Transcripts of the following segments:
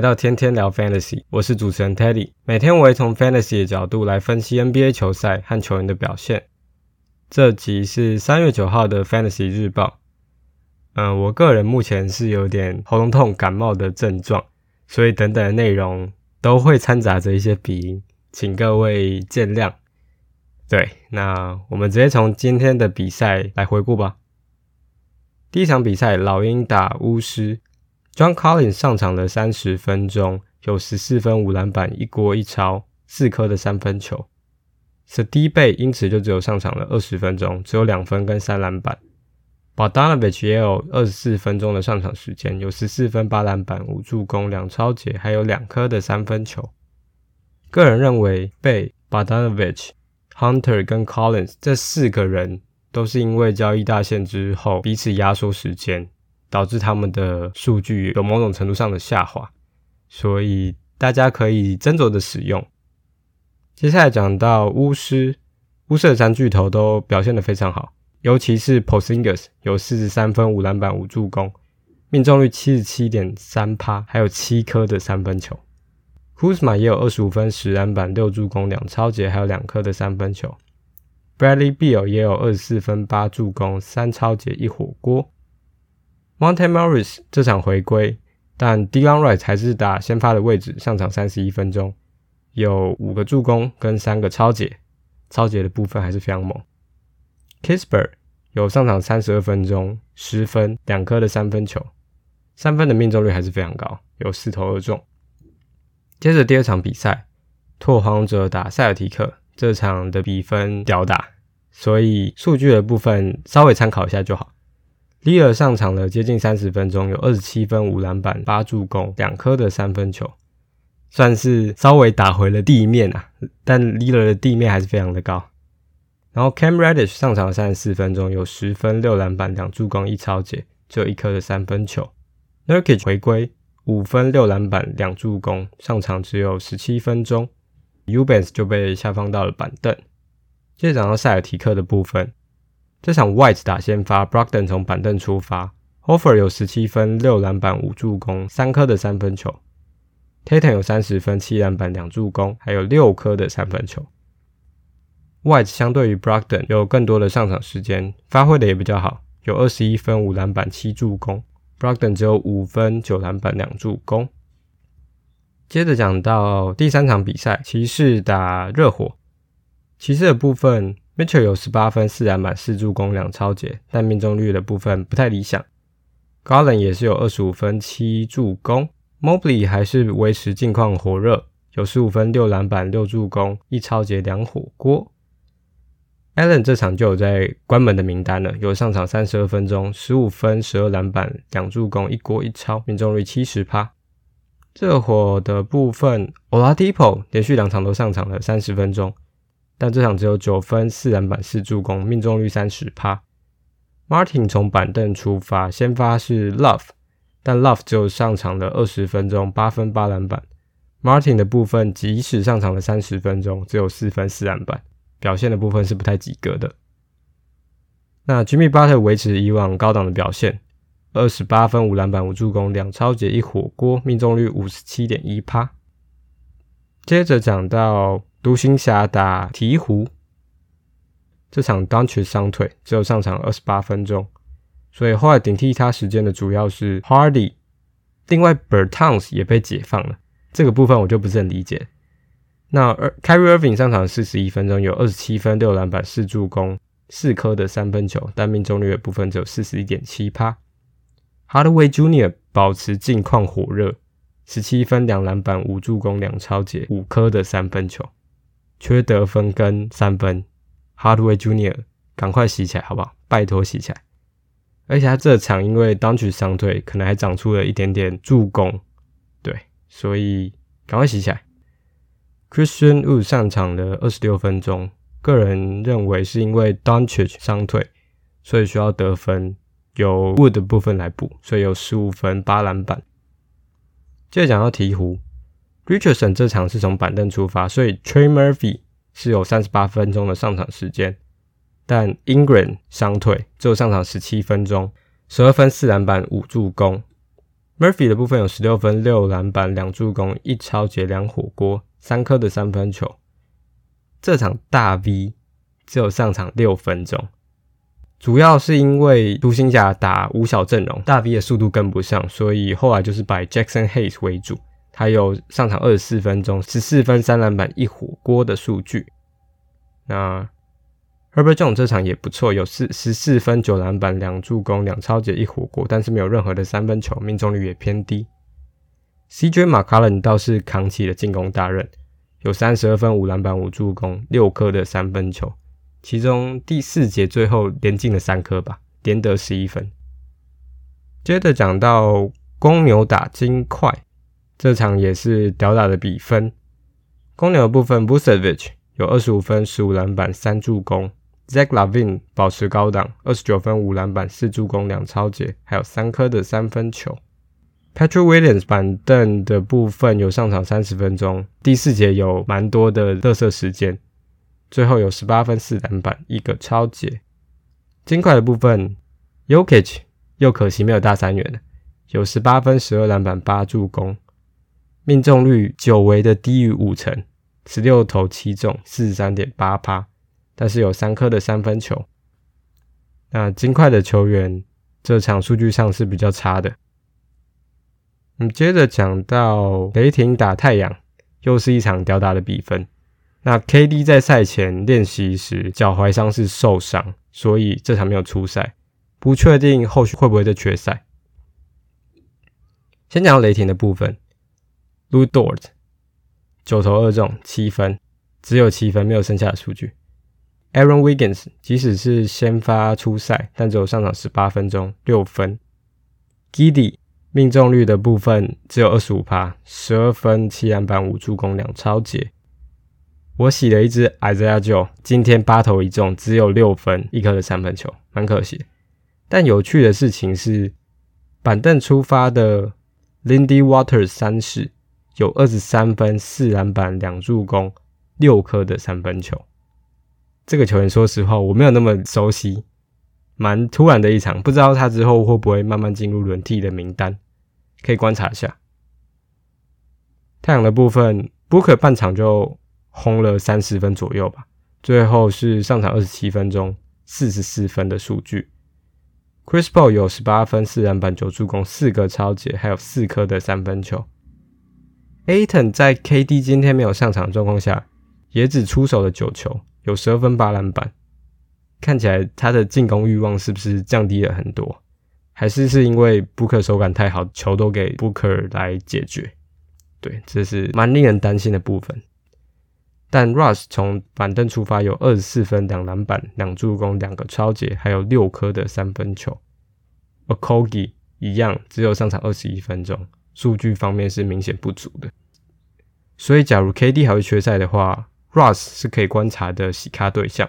來到天天聊 Fantasy，我是主持人 Teddy。每天我會從 Fantasy 的角度來分析 NBA 球賽和球員的表現。這集是三月九號的 Fantasy 日報。嗯，我個人目前是有點喉嚨痛、感冒的症狀，所以等等的內容都會摻雜着一些鼻音，請各位見諒。對，那我們直接從今天的比賽來回顧吧。第一場比賽，老鷹打巫師。John Collins 上場了三十分鐘，有十四分、五籃板、一鍋一抄，四顆的三分球。Saddiq Bey 因此就只有上場了二十分鐘，只有兩分跟三籃板。Bogdanovic 也有二十四分鐘的上場時間，有十四分、八籃板、五助攻、兩抄截，還有兩顆的三分球。個人認為，Bey、Bogdanovic、Hunter 跟 Collins 這四個人都是因為交易大限之後彼此壓縮時間。導致他們的數據有某種程度上的下滑，所以大家可以斟酌的使用。接下來講到巫師，巫師的三巨頭都表現得非常好，尤其是 Porzingis 有四十三分、五籃板、五助攻，命中率七十七點三趴，還有七顆的三分球。Kuzma 也有二十五分、十籃板、六助攻、兩抄截，還有兩顆的三分球。Bradley Beal 也有二十四分、八助攻、三抄截、一火鍋。Monte Morris 這場回歸，但 Delon Wright 還是打先發的位置，上場三十一分鐘，有五個助攻跟三個抄截，抄截的部分還是非常猛。Kispert 有上場三十二分鐘，十分兩顆的三分球，三分的命中率還是非常高，有四投二中。接着第二場比賽，拓荒者打塞爾提克，這場的比分吊打，所以數據的部分稍微參考一下就好。Lillard 上場了接近三十分鐘，有二十七分、五籃板、八助攻、兩顆的三分球，算是稍微打回了地面啊。但 Lillard 的地面還是非常的高。然後 Cam Reddish 上場三十四分鐘，有十分、六籃板、兩助攻、一抄截，只有一顆的三分球。Nurkic 回歸五分、六籃板、兩助攻，上場只有十七分鐘。Eubanks 就被下放到了板凳。接着講到塞爾提克的部分。這場 White 打先發，Brogdon 從板凳出發，Horford 有十七分六籃板五助攻三顆的三分球。Tatum 有三十分七籃板兩助攻，還有六顆的三分球。White 相對於 Brogdon 有更多的上場時間，發揮的也比較好，有二十一分五籃板七助攻，Brogdon 只有五分九籃板兩助攻。接着講到第三場比賽，騎士打熱火，騎士的部分。Mitchell 有十八分四籃板四助攻兩抄截，但命中率的部分不太理想。Garland 也是有二十五分七助攻。Mobley 還是維持近況火熱，有十五分六籃板六助攻一抄截兩火鍋。Allen 這場就有在關門的名單了，有上場三十二分鐘，十五分十二籃板兩助攻一鍋一抄，命中率七十趴。熱火的部分，Oladipo 連續兩場都上場了三十分鐘。但這場只有九分四籃板四助攻，命中率三十趴。Martin 從板凳出發，先發是 Love，但 Love 只有上場了二十分鐘，八分八籃板。Martin 的部分即使上場了三十分鐘，只有四分四籃板，表現的部分是不太及格的。那 Jimmy Butler 維持以往高檔的表現，二十八分五籃板五助攻，兩抄截一火鍋，命中率五十七點一趴。接着講到。獨行俠打鵜鶘，這場 Doncic 傷退，只有上場二十八分鐘，所以後來頂替他時間的主要是 Hardy，另外 Bertans 也被解放了，這個部分我就不是很理解。那 Kyrie Irving 上場四十一分鐘，有二十七分、六籃板、四助攻、四顆的三分球，但命中率的部分只有四十一點七趴。Hardaway Jr. 保持近況火熱，十七分、兩籃板、五助攻、兩抄截、五顆的三分球。缺得分跟三分 Hardaway Jr. 趕快洗起來好不好？拜託洗起來！而且他這場因為 Doncic 傷退，可能還長出了一點點助攻，對，所以趕快洗起來。Christian Wood 上場了二十六分鐘，個人認為是因為 Doncic 傷退，所以需要得分，由 Wood 部分來補，所以有十五分八籃板。接着講到鹈鶘。Richardson 這場是從板凳出發，所以 Trey Murphy 是有三十八分鐘的上場時間，但 Ingram 傷退只有上場十七分鐘，十二分四籃板五助攻。Murphy 的部分有十六分六籃板兩助攻一抄截兩火鍋三顆的三分球。這場大 V 只有上場六分鐘，主要是因為獨行俠打五小陣容，大 V 的速度跟不上，所以後來就是擺 Jackson Hayes 為主。還有上場二十四分鐘，十四分三籃板一火鍋的數據。那 Herbert Jones 這場也不錯，有四十四分九籃板兩助攻兩抄截一火鍋，但是沒有任何的三分球，命中率也偏低。CJ McCollum 倒是扛起了進攻大任，有三十二分五籃板五助攻六顆的三分球，其中第四節最後連進了三顆吧，連得十一分。接着講到公牛打金塊。這場也是吊打的比分。公牛的部分，Vucevic 有二十五分、十五籃板、三助攻；Zach LaVine 保持高檔，二十九分、五籃板、四助攻、兩超節，還有三顆的三分球。Patrick Williams 板凳的部分有上場三十分鐘，第四節有蠻多的垃圾時間，最後有十八分、四籃板、一個超節。金塊的部分，Jokic 又可惜沒有大三元，有十八分、十二籃板、八助攻。命中率久違的低於五成，十六投七中，四十三點八趴，但是有三顆的三分球。那金塊的球員這場數據上是比較差的。我們接着講到雷霆打太陽，又是一場吊打的比分。那 KD 在賽前練習時腳踝傷是受傷，所以這場沒有出賽，不確定後續會不會再缺賽。先講到雷霆的部分。Ludort 九投二中，七分，只有七分，沒有剩下的數據。Aaron Wiggins 即使是先發出賽，但只有上場十八分鐘六分。Giddey 命中率的部分只有二十五趴，十二分七籃板五助攻兩抄截。我洗了一隻 Isaiah Joe，今天八投一中，只有六分一顆的三分球，蠻可惜。但有趣的事情是，板凳出發的 Lindy Waters 三世，有二十三分、四籃板、兩助攻、六顆的三分球。這個球員，說實話，我沒有那麼熟悉，蠻突然的一場，不知道他之後會不會慢慢進入輪替的名單，可以觀察一下。太陽的部分，布克半場就轟了三十分左右吧，最後是上場二十七分鐘，四十四分的數據。Chris Paul 有十八分、四籃板、九助攻、四個抄截，還有四顆的三分球。Ayton 在 KD 今天沒有上場的狀況下，也只出手了九球，有十二分八籃板，看起來他的進攻欲望是不是降低了很多？還是是因為 Booker 手感太好，球都給 Booker 來解決？對，這是蠻令人擔心的部分。但 Rush 從板凳出發有二十四分兩籃板兩助攻兩個抄截，還有六顆的三分球。而 Kogi 一樣只有上場二十一分鐘，數據方面是明顯不足的。所以，假如 KD 還會缺賽的話，Russ 是可以觀察的洗咖對象。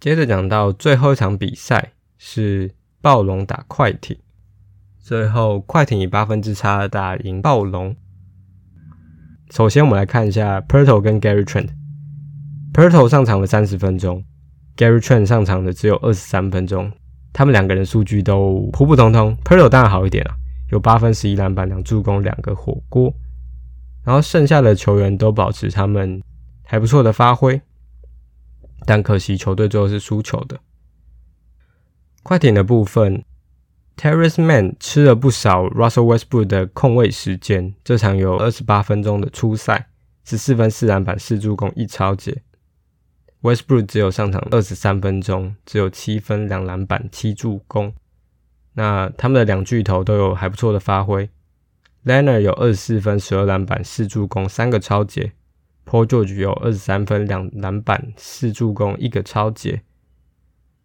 接着講到最後一場比賽是暴龍打快艇，最後快艇以八分之差打贏暴龍。首先我們來看一下 Poeltl 跟 Gary Trent，Poeltl 上場了三十分鐘，Gary Trent 上場的只有二十三分鐘，他們兩個人數據都普普通通。Poeltl 當然好一點啊，有八分、十一籃板、兩助攻、兩個火鍋。然後剩下的球員都保持他們還不錯的發揮，但可惜球隊最後是輸球的。快艇的部分，Terance Mann 吃了不少 Russell Westbrook、ok、的空位時間，這場有二十八分鐘的出賽，十四分四籃板四助攻一抄截。Westbrook、ok、只有上場二十三分鐘，只有七分兩籃板七助攻。那他們的兩巨頭都有還不錯的發揮。Leonard 有二十四分、十二籃板、四助攻、三個抄截。Paul George 有二十三分、兩籃板、四助攻、一個抄截。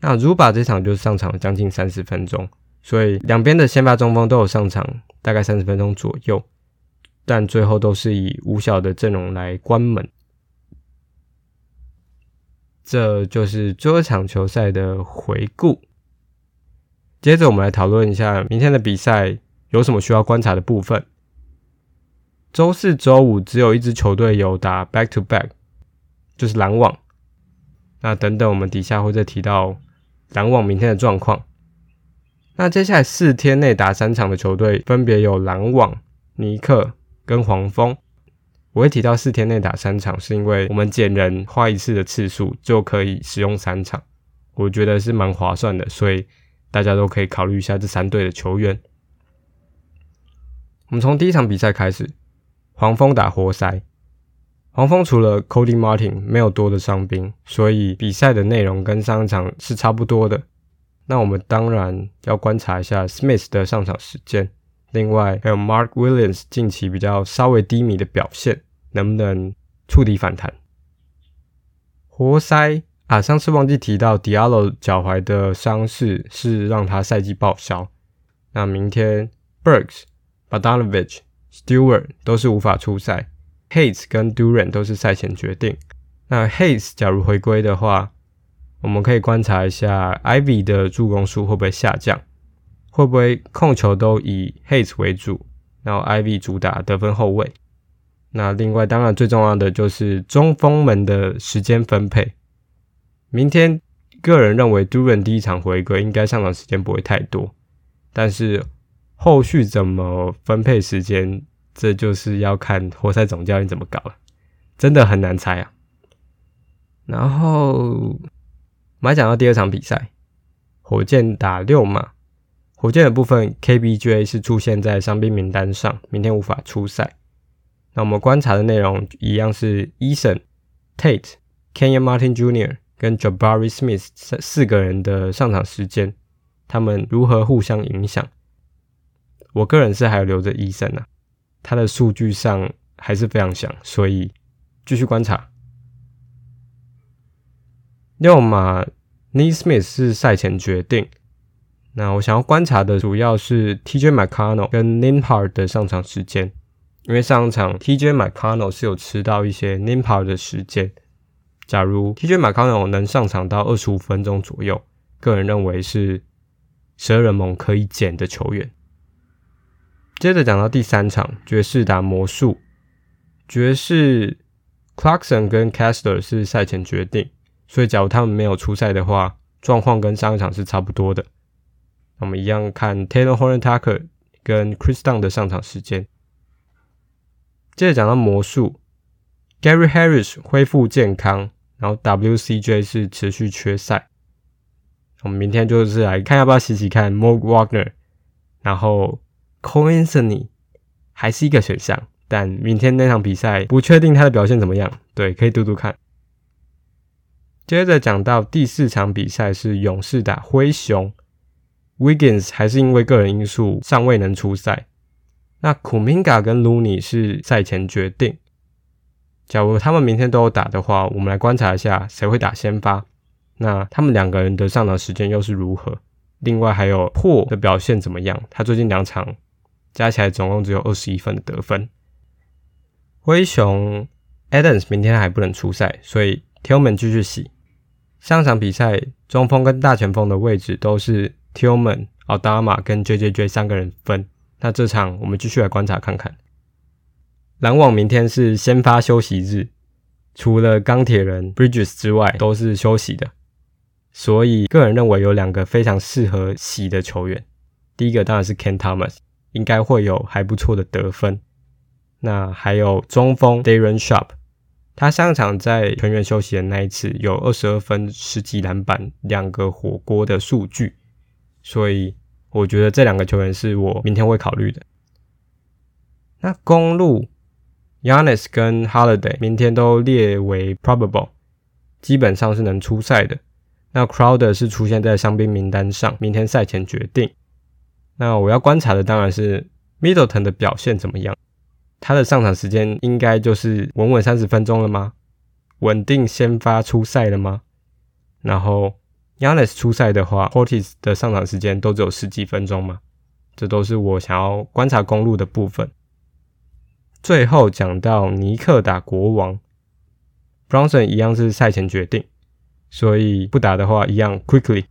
那 Zubac 這場就上場將近三十分鐘，所以兩邊的先發中鋒都有上場大概三十分鐘左右，但最後都是以五小的陣容來關門。這就是最後一場球賽的回顧。接着我們來討論一下明天的比賽。有什麼需要觀察的部分？週四、週五只有一支球隊有打 back to back，就是籃網。那等等我們底下會再提到籃網明天的狀況。那接下來四天內打三場的球隊分別有籃網、尼克跟黃蜂。我會提到四天內打三場，是因為我們撿人花一次的次數就可以使用三場，我覺得是蠻划算的，所以大家都可以考慮一下這三隊的球員。我們從第一場比賽開始，黃蜂打活塞。黃蜂除了 Cody Martin 沒有多的傷兵，所以比賽的內容跟上一場是差不多的。那我們當然要觀察一下 Smith 的上場時間，另外還有 Mark Williams 近期比較稍微低迷的表現，能不能觸底反彈？活塞啊，上次忘記提到 Diallo 腳踝的傷勢是讓他賽季報銷。那明天 Burks。Badanovich、Bad ovich, Stewart 都是無法出賽，Hays 跟 Durant 都是賽前決定。那 Hays 假如回歸的話，我們可以觀察一下 Ivy 的助攻數會不會下降，會不會控球都以 Hays 為主，然後 Ivy 主打得分後衛。那另外，當然最重要的就是中鋒們的時間分配。明天，個人認為 Durant 第一場回歸應該上場時間不會太多，但是。後續怎麼分配時間，這就是要看活塞總教練怎麼搞了，真的很難猜啊。然後我們還講到第二場比賽，火箭打溜馬，火箭的部分 KBJ 是出現在傷兵名單上，明天無法出賽。那我們觀察的內容一樣是 Eason、Tate、Kenyon Martin Jr. 跟 Jabari Smith 四四個人的上場時間，他們如何互相影響？我個人是還有留着醫生呢，他的數據上還是非常強，所以繼續觀察。要麼 Nesmith 是賽前決定。那我想要觀察的主要是 TJ McConnell 跟 Nembhard 的上場時間，因為上場 TJ McConnell 是有吃到一些 Nembhard 的時間。假如 TJ McConnell 能上場到二十五分鐘左右，個人認為是十二人盟可以撿的球員。接着講到第三場，爵士打魔術。爵士 Clarkson 跟 Kessler 是賽前決定，所以假如他們沒有出賽的話，狀況跟上一場是差不多的。我們一樣看 Taylor Horton Tucker 跟 Chris Dunn 的上場時間。接着講到魔術，Gary Harris 恢復健康，然後 WCJ 是持續缺賽。我們明天就是來看一下要不要洗洗看 Mog Wagner 然後。Coincidentally，還是一個選項，但明天那場比賽不確定他的表現怎麼樣。對，可以賭賭看。接着講到第四場比賽是勇士打灰熊，Wiggins 還是因為個人因素尚未能出賽。那 Kuminga 跟 Luni 是賽前決定。假如他們明天都有打的話，我們來觀察一下誰會打先發。那他們兩個人上的上場時間又是如何？另外還有霍的表現怎麼樣？他最近兩場，加起來總共只有二十一分的得分。灰熊 Adams 明天還不能出賽，所以 Tillman 繼續洗。上場比賽中鋒跟大前鋒的位置都是 Tillman、Aldama 跟 JJJ 三個人分。那這場我們繼續來觀察看看。籃網明天是先發休息日，除了鋼鐵人 Bridges 之外都是休息的。所以個人認為有兩個非常適合洗的球員，第一個當然是 Cam Thomas。應該會有還不錯的得分。那還有中鋒 Day'Ron Sharpe，他上場在全員休息的那一次有二十二分、十幾籃板、兩個火鍋的數據，所以我覺得這兩個球員是我明天會考慮的。那公路 Giannis 跟 Holiday 明天都列為 probable，基本上是能出賽的。那 Crowder 是出現在傷兵名單上，明天賽前決定。那我要觀察的當然是 Middleton 的表現怎麼樣，他的上場時間應該就是穩穩三十分鐘了嗎？穩定先發出賽了嗎？然後 Giannis 出賽的話，Portis 的上場時間都只有十幾分鐘嘛？這都是我想要觀察公路的部分。最後講到尼克打國王，Brunson 一樣是賽前決定，所以不打的話一樣 quickly。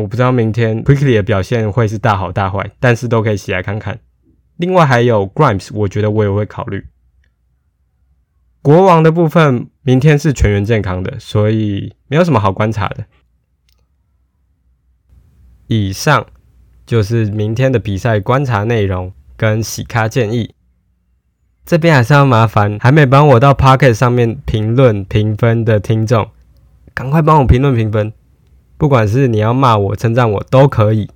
我不知道明天 Quickley 的表現會是大好大壞，但是都可以洗來看看。另外還有 Grimes，我覺得我也會考慮。國王的部分明天是全員健康的，所以沒有什麼好觀察的。以上就是明天的比賽觀察內容跟喜咖建議。這邊還是要麻煩還沒幫我到 Pocket 上面評論評分的聽眾，趕快幫我評論評分。不管是你要罵我、稱讚我都可以，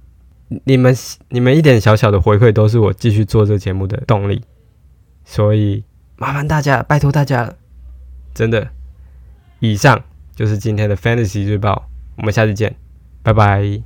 你們你們一點小小的回饋都是我繼續做這節目的動力，所以麻煩大家，拜託大家了，真的。以上就是今天的《Fantasy 日報》，我們下次見，拜拜。